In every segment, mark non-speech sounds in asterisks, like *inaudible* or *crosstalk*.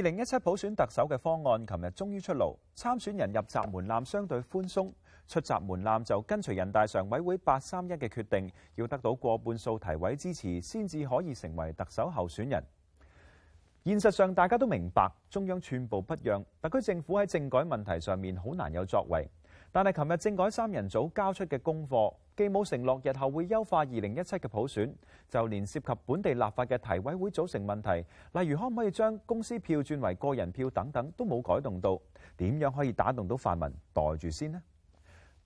二零一七普選特首嘅方案，琴日終於出爐。參選人入閘門檻相對寬鬆，出閘門檻就跟隨人大常委會八三一嘅決定，要得到過半數提委支持，先至可以成為特首候選人。現實上，大家都明白中央寸步不讓，特區政府喺政改問題上面好難有作為。但係琴日政改三人組交出嘅功課。既冇承諾日後會優化二零一七嘅普選，就連涉及本地立法嘅提委會組成問題，例如可唔可以將公司票轉為個人票等等，都冇改動到。點樣可以打動到泛民袋住先呢？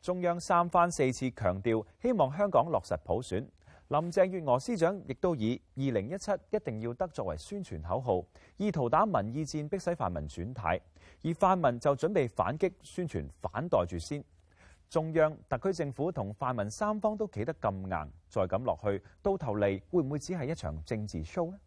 中央三番四次強調希望香港落實普選，林鄭月娥司長亦都以二零一七一定要得作為宣傳口號，意圖打民意戰，逼使泛民轉軚，而泛民就準備反擊宣傳反袋住先。中央、特區政府同泛民三方都企得咁硬，再咁落去，到頭嚟會唔會只係一場政治 show 呢？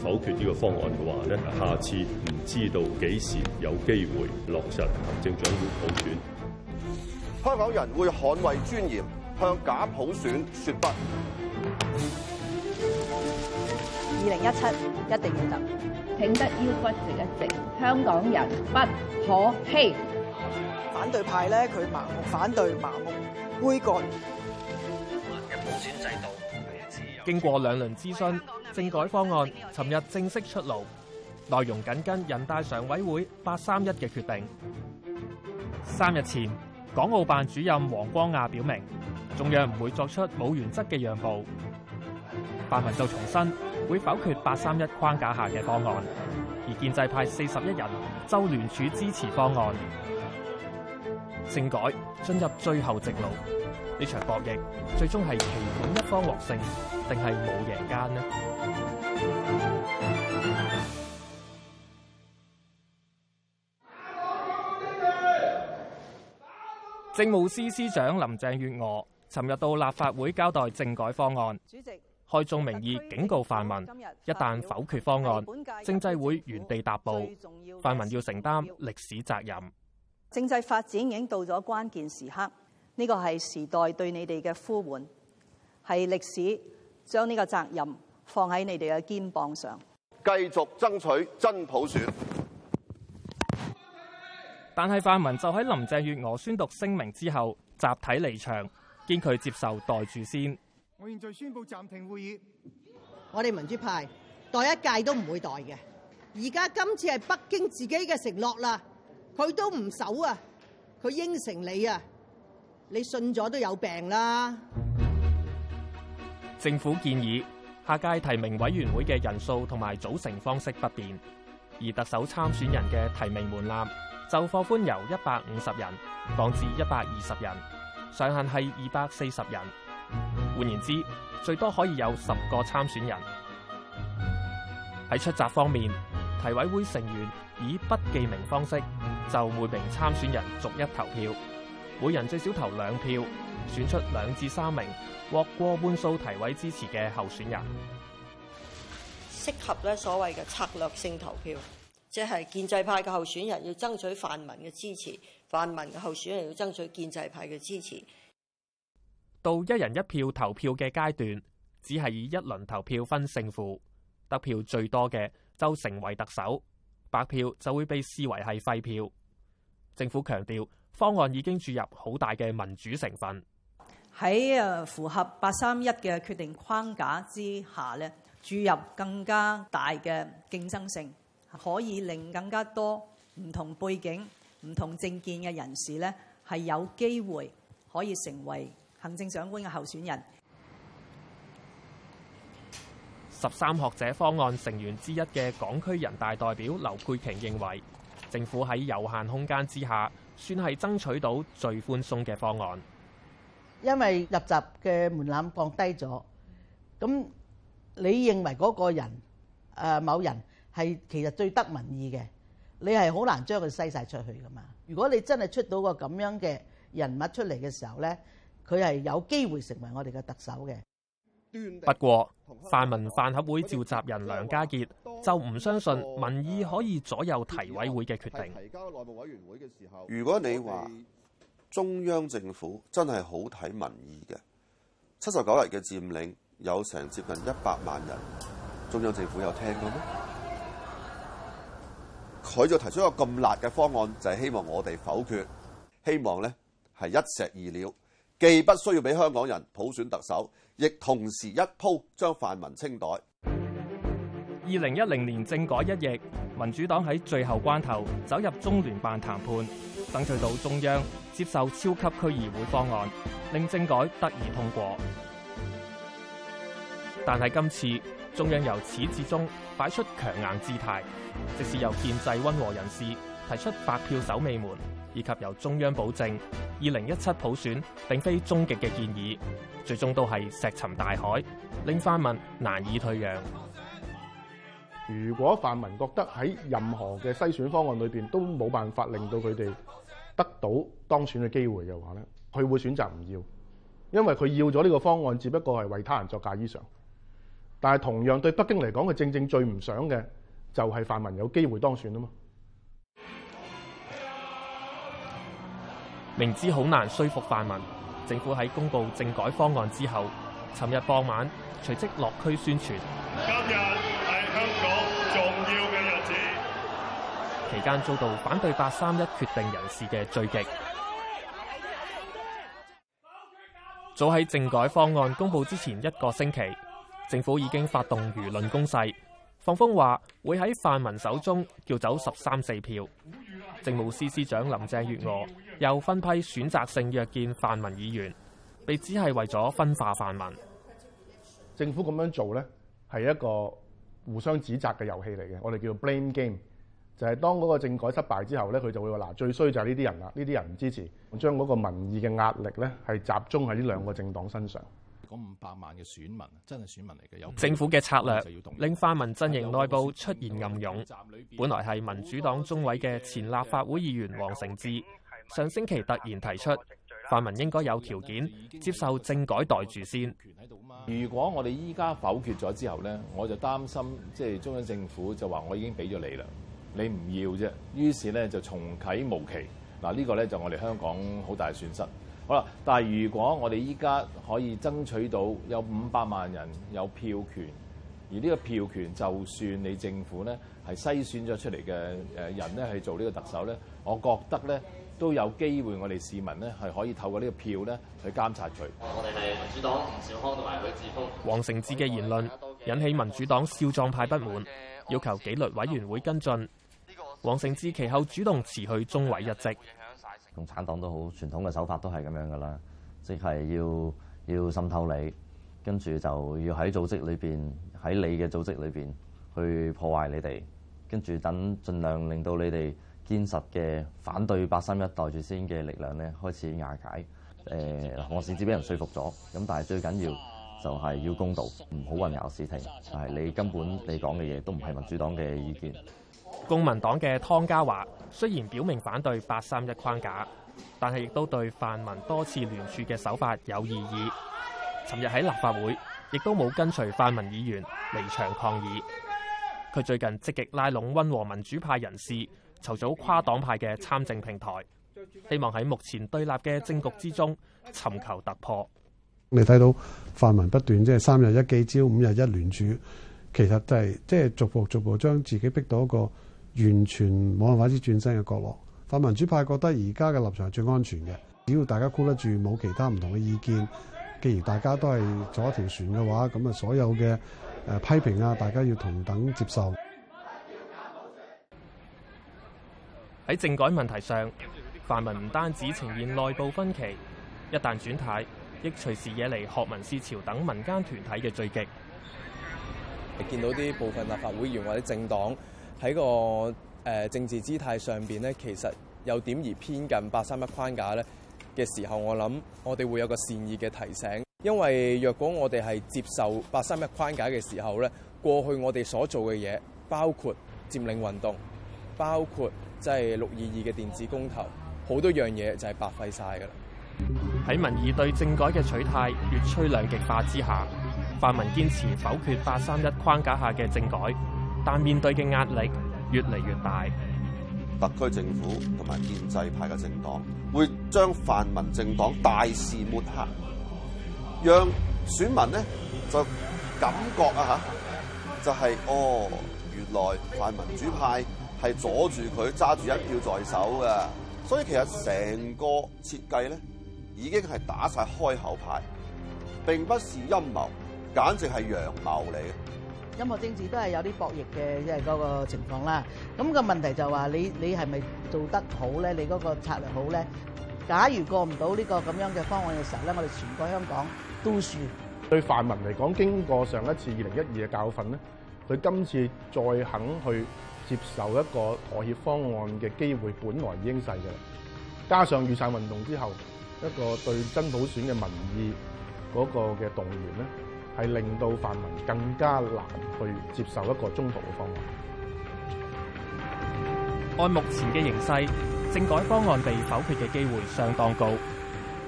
否決呢個方案嘅話咧，下次唔知道幾時有機會落實行政長官普選。香港人會捍衛尊嚴，向假普選説不。二零一七一定要得。挺得腰骨直一直，香港人不可欺。反對派咧，佢盲目反對盲目，杯葛嘅普選制度。經過兩輪諮詢，政改方案尋日正式出爐，內容緊跟人大常委會八三一嘅決定。三日前，港澳辦主任王光亞表明，中央唔會作出冇原則嘅讓步。泛民就重申。會否決八三一框架下嘅方案。而建制派四十一人州聯署支持方案，政改進入最後直路，呢場博弈最終係其中一方獲勝，定係冇贏家呢？政務司司長林鄭月娥尋日到立法會交代政改方案。主席開宗明義，警告泛民：一旦否決方案，政制會原地踏步，泛民要承擔歷史責任。政制發展已經到咗關鍵時刻，呢個係時代對你哋嘅呼喚，係歷史將呢個責任放喺你哋嘅肩膀上，繼續爭取真普選。但係泛民就喺林鄭月娥宣讀聲明之後，集體離場，堅拒接受袋住先。我現在宣佈暫停會議。我哋民主派袋一屆都唔會袋嘅。而家今次係北京自己嘅承諾啦，佢都唔守啊！佢應承你啊，你信咗都有病啦。政府建議下屆提名委員會嘅人數同埋組成方式不變，而特首參選人嘅提名門檻就放寬，由一百五十人降至一百二十人，上限係二百四十人。換言之，最多可以有十個參選人。喺出閘方面，提委會成員以不記名方式就每名參選人逐一投票，每人最少投兩票，選出兩至三名獲過半數提委支持嘅候選人。適合咧所謂嘅策略性投票，即係建制派嘅候選人要爭取泛民嘅支持，泛民嘅候選人要爭取建制派嘅支持。到一人一票投票嘅階段，只係以一輪投票分勝負，得票最多嘅就成為特首，白票就會被視為係廢票。政府強調方案已經注入好大嘅民主成分，喺誒符合八三一嘅決定框架之下咧，注入更加大嘅競爭性，可以令更加多唔同背景、唔同政見嘅人士咧係有機會可以成為。行政長官嘅候選人。十三學者方案成員之一嘅港區人大代表劉佩瓊認為，政府喺有限空間之下，算係爭取到最寬鬆嘅方案。因為入閘嘅門檻降低咗，咁你認為嗰個人誒某人係其實最得民意嘅，你係好難將佢篩晒出去㗎嘛。如果你真係出到個咁樣嘅人物出嚟嘅時候咧。佢係有機會成為我哋嘅特首嘅。不過，泛民飯盒會召集人梁家傑就唔相信民意可以左右提委會嘅決定。提交內部委員會嘅時候，如果你話中央政府真係好睇民意嘅，七十九日嘅佔領有成接近一百萬人，中央政府有聽過咩？佢就提出一個咁辣嘅方案，就係、是、希望我哋否決，希望咧係一石二鳥。既不需要俾香港人普選特首，亦同時一鋪將泛民清袋。二零一零年政改一役，民主黨喺最後關頭走入中聯辦談判，爭取到中央接受超級區議會方案，令政改得以通過。但係今次，中央由始至終擺出強硬姿態，即使由建制温和人士提出白票守尾門。以及由中央保證，二零一七普選並非終極嘅建議，最終都係石沉大海，令泛民難以退讓。如果泛民覺得喺任何嘅篩選方案裏邊都冇辦法令到佢哋得到當選嘅機會嘅話，咧，佢會選擇唔要，因為佢要咗呢個方案，只不過係為他人作嫁衣裳。但係同樣對北京嚟講，佢正正最唔想嘅就係泛民有機會當選啊嘛。明知好難說服泛民，政府喺公布政改方案之後，尋日傍晚隨即落區宣傳。今日係香港重要嘅日子，期間遭到反對八三一決定人士嘅狙擊。早喺政改方案公布之前一個星期，政府已經發動輿論攻勢，放風話會喺泛民手中叫走十三四票。政務司司長林鄭月娥又分批選擇性約見泛民議員，被指係為咗分化泛民。政府咁樣做呢，係一個互相指責嘅遊戲嚟嘅，我哋叫 blame game，就係當嗰個政改失敗之後呢，佢就會話，嗱，最衰就係呢啲人啦，呢啲人唔支持，將嗰個民意嘅壓力呢係集中喺呢兩個政黨身上。嗰五百萬嘅選民真係選民嚟嘅，有的政府嘅策略令泛民陣營內部出現暗湧。本來係民主黨中委嘅前立法會議員黃成智，上星期突然提出泛民應該有條件接受政改袋住先。如果我哋依家否決咗之後呢，我就擔心即係中央政府就話我已經俾咗你啦，你唔要啫。於是呢，就重啟無期。嗱、這、呢個呢，就是我哋香港好大嘅損失。好啦，但係如果我哋依家可以爭取到有五百萬人有票權，而呢個票權就算你政府呢係篩選咗出嚟嘅人呢去做呢個特首呢，我覺得呢都有機會我哋市民呢係可以透過呢個票呢去監察佢。我哋係民主黨吳小康同埋許智峯。黃成智嘅言論引起民主黨少壯派不滿，要求紀律委員會跟進。黃成智其後主動辭去中委一職。共產黨都好傳統嘅手法都係咁樣噶啦，即係要要滲透你，跟住就要喺組織裏面，喺你嘅組織裏面去破壞你哋，跟住等盡量令到你哋堅實嘅反對八三一袋住先嘅力量咧開始瓦解。誒、呃，我甚至俾人說服咗，咁但係最緊要就係要公道，唔好混淆視聽，係、就是、你根本你講嘅嘢都唔係民主黨嘅意見。嗯嗯嗯嗯嗯嗯嗯公民黨嘅湯家驊雖然表明反對八三一框架，但係亦都對泛民多次聯署嘅手法有異議。尋日喺立法會，亦都冇跟隨泛民議員離場抗議。佢最近積極拉攏溫和民主派人士，籌組跨黨派嘅參政平台，希望喺目前對立嘅政局之中尋求突破。你睇到泛民不斷，即係三日一記招，五日一聯署。其實就係即係逐步逐步將自己逼到一個完全冇辦法之轉身嘅角落。泛民主派覺得而家嘅立場係最安全嘅，只要大家箍得住冇其他唔同嘅意見，既然大家都係坐一條船嘅話，咁啊所有嘅誒批評啊，大家要同等接受。喺政改問題上，泛民唔單止呈現內部分歧，一旦轉態，亦隨時惹嚟學民思潮等民間團體嘅追擊。見到啲部分立法會議員或者政黨喺個誒政治姿態上邊咧，其實有點而偏近八三一框架咧嘅時候，我諗我哋會有個善意嘅提醒，因為若果我哋係接受八三一框架嘅時候咧，過去我哋所做嘅嘢，包括佔領運動，包括即係六二二嘅電子公投，好多樣嘢就係白費晒㗎啦。喺民意對政改嘅取態越趨兩極化之下。泛民堅持否決八三一框架下嘅政改，但面對嘅壓力越嚟越大。特區政府同埋建制派嘅政黨會將泛民政黨大肆抹黑，讓選民呢就感覺啊嚇，就係、是、哦，原來泛民主派係阻住佢揸住一票在手嘅。所以其實成個設計咧已經係打晒開口牌，並不是陰謀。簡直係陽謀嚟嘅。音樂政治都係有啲博弈嘅，即係嗰個情況啦。咁個問題就話你你係咪做得好咧？你嗰個策略好咧？假如過唔到呢個咁樣嘅方案嘅時候咧，我哋全個香港都輸。對泛民嚟講，經過上一次二零一二嘅教訓咧，佢今次再肯去接受一個妥協方案嘅機會，本來已經細嘅，加上雨傘運動之後一個對真普選嘅民意嗰個嘅動員咧。係令到泛民更加難去接受一個中途嘅方案。按目前嘅形勢，政改方案被否決嘅機會相當高。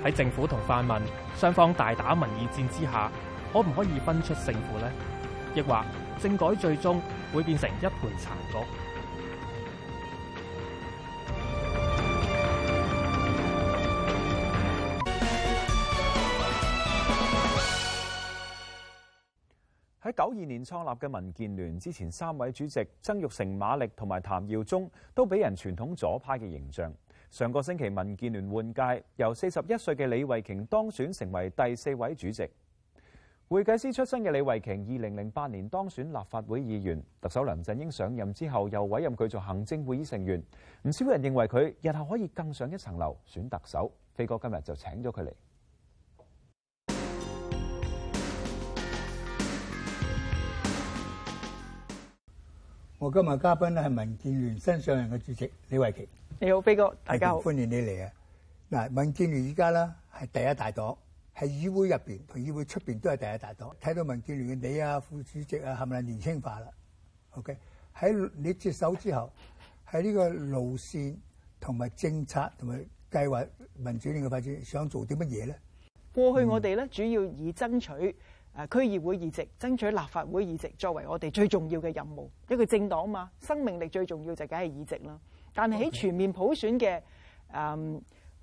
喺政府同泛民雙方大打民意戰之下，可唔可以分出勝負呢？抑或政改最終會變成一盤殘局？喺九二年創立嘅民建聯，之前三位主席曾鈺成、馬力同埋譚耀宗都俾人傳統左派嘅形象。上個星期民建聯換屆，由四十一歲嘅李慧瓊當選成為第四位主席。會計師出身嘅李慧瓊，二零零八年當選立法會議員，特首梁振英上任之後又委任佢做行政會議成員。唔少人認為佢日後可以更上一層樓，選特首。飛哥今日就請咗佢嚟。我今日嘉賓咧係民建聯新上任嘅主席李慧瓊。你好，飛哥，大家好，歡迎你嚟啊！嗱，民建聯依家啦係第一大黨，喺議會入邊同議會出邊都係第一大黨。睇到民建聯嘅你啊、副主席啊，係咪年輕化啦？OK，喺你接手之後，喺呢個路線同埋政策同埋計劃，民主聯嘅發展想做啲乜嘢咧？過去我哋咧主要以爭取，嗯誒區議會議席，爭取立法會議席，作為我哋最重要嘅任務。一個政黨嘛，生命力最重要就梗係議席啦。但係喺全面普選嘅誒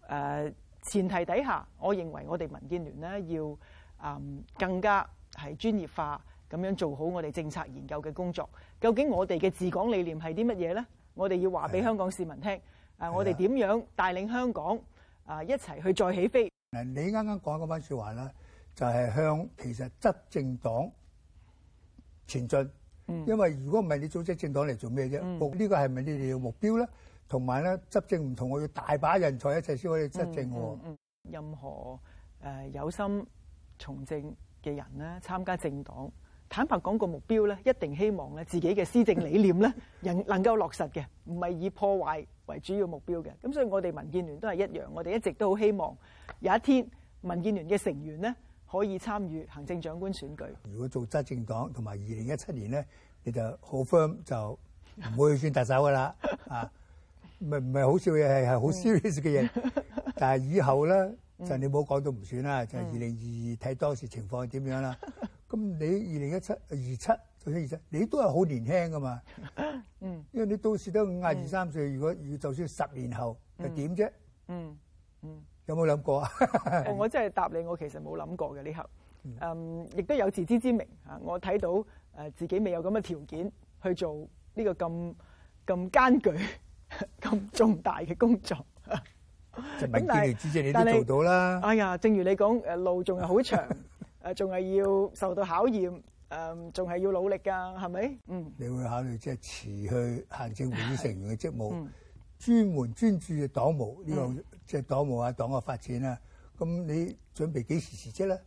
誒前提底下，我認為我哋民建聯呢，要誒、嗯、更加係專業化，咁樣做好我哋政策研究嘅工作。究竟我哋嘅治港理念係啲乜嘢咧？我哋要話俾香港市民聽。誒，我哋點樣帶領香港誒、啊、一齊去再起飛？誒，你啱啱講嗰番説話咧。就係向其實執政黨前進，嗯、因為如果唔係，你組織政黨嚟做咩啫？呢、嗯、個係咪你哋嘅目標咧？呢同埋咧，執政唔同我要大把人才一齊先可以執政喎、嗯嗯嗯。任何、呃、有心從政嘅人咧，參加政黨，坦白講個目標咧，一定希望咧自己嘅施政理念咧，人 *laughs* 能夠落實嘅，唔係以破壞為主要目標嘅。咁所以我哋民建聯都係一樣，我哋一直都好希望有一天民建聯嘅成員咧。可以參與行政長官選舉。如果做執政黨同埋二零一七年咧，你就好 firm 就唔會去選特首噶啦， *laughs* 啊，唔係唔係好笑嘅嘢，係係好 serious 嘅嘢。嗯、但係以後咧，嗯、就你冇講到唔算啦。嗯、就係二零二二睇當時情況點樣啦。咁、嗯、你二零一七二七就算二七，你都係好年輕噶嘛。嗯，因為你到時都五廿二三歲，如果要就算十年後，嗯、就點啫？嗯嗯。有冇諗過啊？我真係答你，我其實冇諗過嘅呢刻，嗯，亦都有自知之明嚇。我睇到誒自己未有咁嘅條件去做呢個咁咁艱巨、咁重大嘅工作。咁但係但係，哎呀，正如你講，誒路仲係好長，誒仲係要受到考驗，誒仲係要努力㗎，係咪？嗯，你會考慮即係辭去行政會議成員嘅職務，專門專注嘅黨務呢個。即係黨務啊，黨嘅發展啊，咁你準備幾時辭職咧？誒、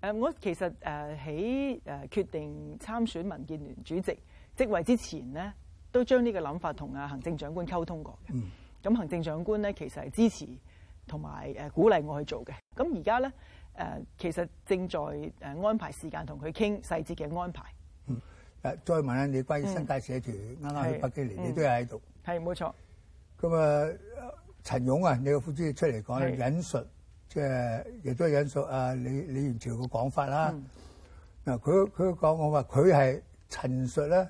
呃，我其實誒喺誒決定參選民建聯主席職位之前咧，都將呢個諗法同啊行政長官溝通過嘅。咁、嗯、行政長官咧其實係支持同埋誒鼓勵我去做嘅。咁而家咧誒，其實正在誒安排時間同佢傾細節嘅安排。嗯。誒，再問下你關於新界社團啱啱去北京嚟，年你都係喺度。係冇、嗯、錯。咁啊。呃陳勇啊，你個副主席出嚟講是引述，即係亦都係引述啊李李源潮嘅講法啦。嗱、嗯，佢佢講我話佢係陳述咧，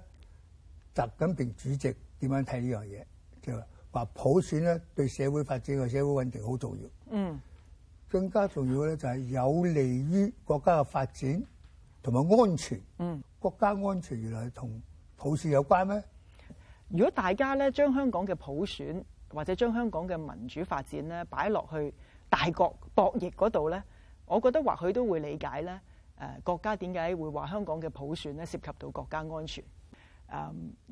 習近平主席點樣睇呢樣嘢，就話、是、普選咧對社會發展同社會穩定好重要。嗯，更加重要咧就係有利於國家嘅發展同埋安全。嗯，國家安全原來同普選有關咩？如果大家咧將香港嘅普選，或者將香港嘅民主發展咧擺落去大國博弈嗰度咧，我覺得或許都會理解咧。誒、呃、國家點解會話香港嘅普選咧涉及到國家安全？誒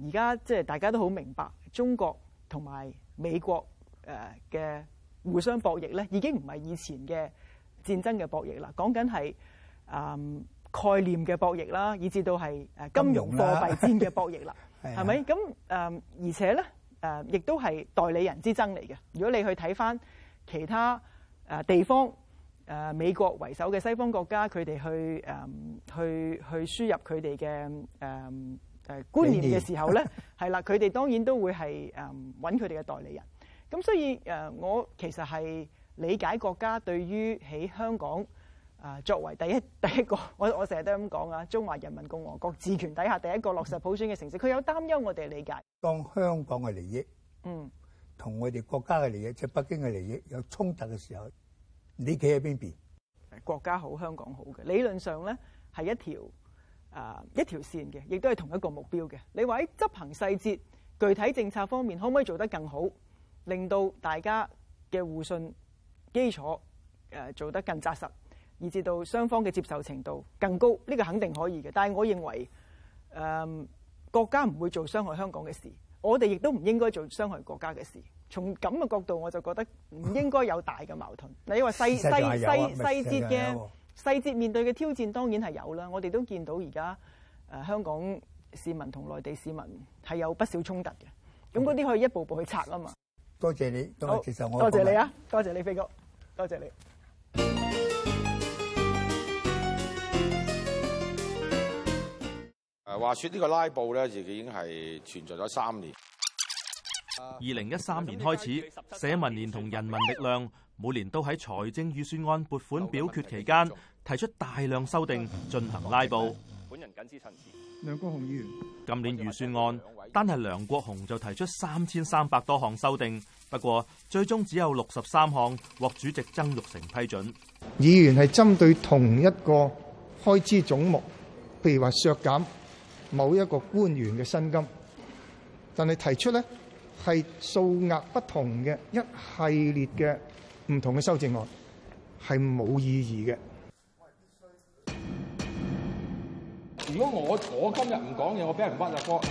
而家即係大家都好明白，中國同埋美國誒嘅、呃、互相博弈咧，已經唔係以前嘅戰爭嘅博弈啦。講緊係誒概念嘅博弈啦，以至到係誒金融貨幣戰嘅博弈啦。係咪咁誒？而且咧。誒，亦都係代理人之爭嚟嘅。如果你去睇翻其他誒地方誒、呃、美國為首嘅西方國家，佢哋去誒、呃、去去輸入佢哋嘅誒誒觀念嘅時候咧，係啦明義，佢 *laughs* 哋當然都會係誒揾佢哋嘅代理人。咁所以誒、呃，我其實係理解國家對於喺香港誒、呃、作為第一第一個，我我成日都咁講啊，中華人民共和國治權底下第一個落實普選嘅城市，佢有擔憂，我哋理解。當香港嘅利益，嗯，同我哋國家嘅利益，即係北京嘅利益有衝突嘅時候，你企喺邊邊？國家好，香港好嘅理論上咧係一條啊一條線嘅，亦都係同一個目標嘅。你話喺執行細節、具體政策方面，可唔可以做得更好，令到大家嘅互信基礎誒做得更紮實，以至到雙方嘅接受程度更高？呢個肯定可以嘅。但係我認為誒。嗯國家唔會做傷害香港嘅事，我哋亦都唔應該做傷害國家嘅事。從咁嘅角度，我就覺得唔應該有大嘅矛盾。嗱、啊，因為細細細細節嘅細、啊、節面對嘅挑戰當然係有啦。我哋都見到而家誒香港市民同內地市民係有不少衝突嘅。咁嗰啲可以一步步去拆啊嘛多。多謝你，多謝我，多謝你啊，多謝你飛哥，多謝你。話說呢個拉布呢，自己已經係存在咗三年。二零一三年開始，社民連同人民力量每年都喺財政預算案撥款表決期間提出大量修訂進行拉布。本人謹此陳詞，梁國雄議員。今年預算案單係梁國雄就提出三千三百多項修訂，不過最終只有六十三項獲主席曾鈺成批准。議員係針對同一個開支總目，譬如話削減，某一個官員嘅薪金，但係提出呢係數額不同嘅一系列嘅唔同嘅修正案，係冇意義嘅。如果我我今日唔講嘢，我俾人挖入波去，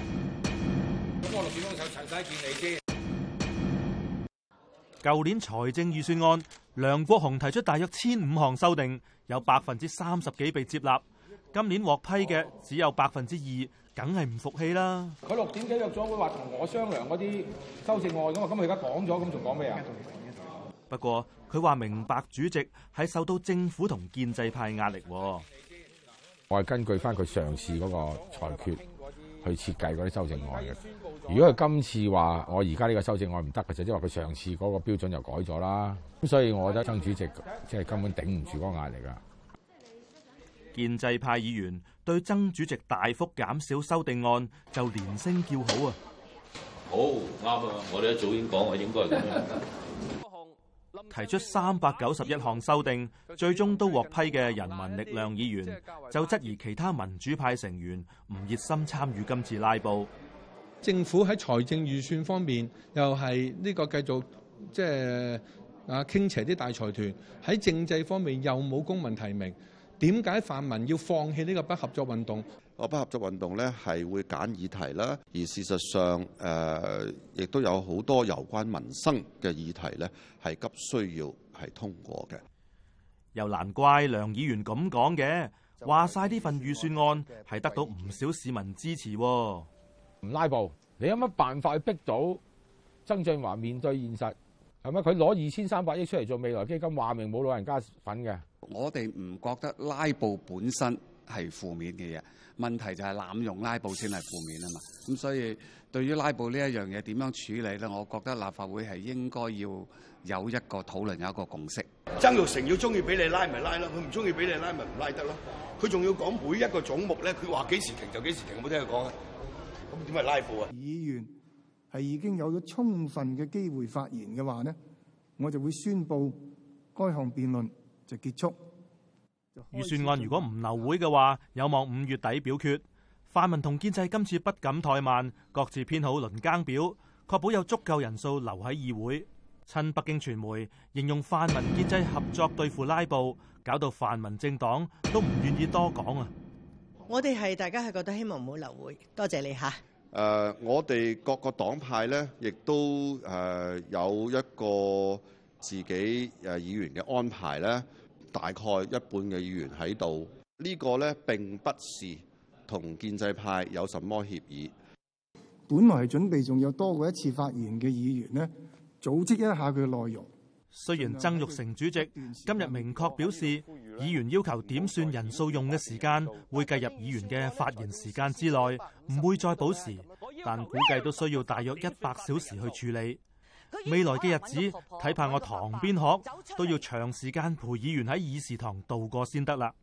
咁我六點鐘就陳舊年財政預算案，梁國雄提出大約千五項修訂，有百分之三十幾被接納。今年獲批嘅只有百分之二，梗係唔服氣啦。佢六點幾約咗，會話同我商量嗰啲修正案噶嘛？咁佢而家講咗，咁仲講咩啊？不過佢話明白主席係受到政府同建制派壓力。我係根據翻佢上次嗰個裁決去設計嗰啲修正案嘅。如果佢今次話我而家呢個修正案唔得嘅，就即係話佢上次嗰個標準又改咗啦。咁所以我覺得曾主席即係根本頂唔住嗰個壓力噶。建制派議員對曾主席大幅減少修訂案，就連聲叫好啊！好啱啊！我哋一早已經講啊，應該係咁樣。提出三百九十一項修訂，最終都獲批嘅人民力量議員就質疑其他民主派成員唔熱心參與今次拉布。政府喺財政預算方面又係呢個繼續即係啊，傾斜啲大財團，喺政制方面又冇公民提名。點解泛民要放棄呢個不合作運動？哦，不合作運動咧係會揀議題啦，而事實上誒亦、呃、都有好多有關民生嘅議題咧係急需要係通過嘅。又難怪梁議員咁講嘅，話晒呢份預算案係得到唔少市民支持。唔拉布，你有乜辦法去逼到曾俊華面對現實？係咪佢攞二千三百億出嚟做未來基金，話明冇老人家份嘅？我哋唔覺得拉布本身係負面嘅嘢，問題就係濫用拉布先係負面啊嘛。咁所以對於拉布呢一樣嘢點樣處理咧，我覺得立法會係應該要有一個討論，有一個共識。曾玉成要中意俾你拉咪拉咯，佢唔中意俾你拉咪唔拉得咯。佢仲要講每一個總目咧，佢話幾時停就幾時停，冇聽佢講啊。咁點咪拉布啊？議員。係已經有咗充分嘅機會發言嘅話呢，我就會宣布該項辯論就結束。預算案如果唔留會嘅話，有望五月底表決。泛民同建制今次不敢怠慢，各自編好輪更表，確保有足夠人數留喺議會。親北京傳媒形容泛民建制合作對付拉布，搞到泛民政黨都唔願意多講啊！我哋係大家係覺得希望唔好留會，多謝你吓。誒，uh, 我哋各個黨派咧，亦都誒有一個自己誒議員嘅安排咧，大概一半嘅議員喺度，這個、呢個咧並不是同建制派有什麼協議，本來準備仲有多過一次發言嘅議員咧，組織一下佢嘅內容。雖然曾鈺成主席今日明確表示，議員要求點算人數用嘅時間會計入議員嘅發言時間之內，唔會再補時，但估計都需要大約一百小時去處理。未來嘅日子，睇怕我堂邊鶴都要長時間陪議員喺議事堂度過先得啦。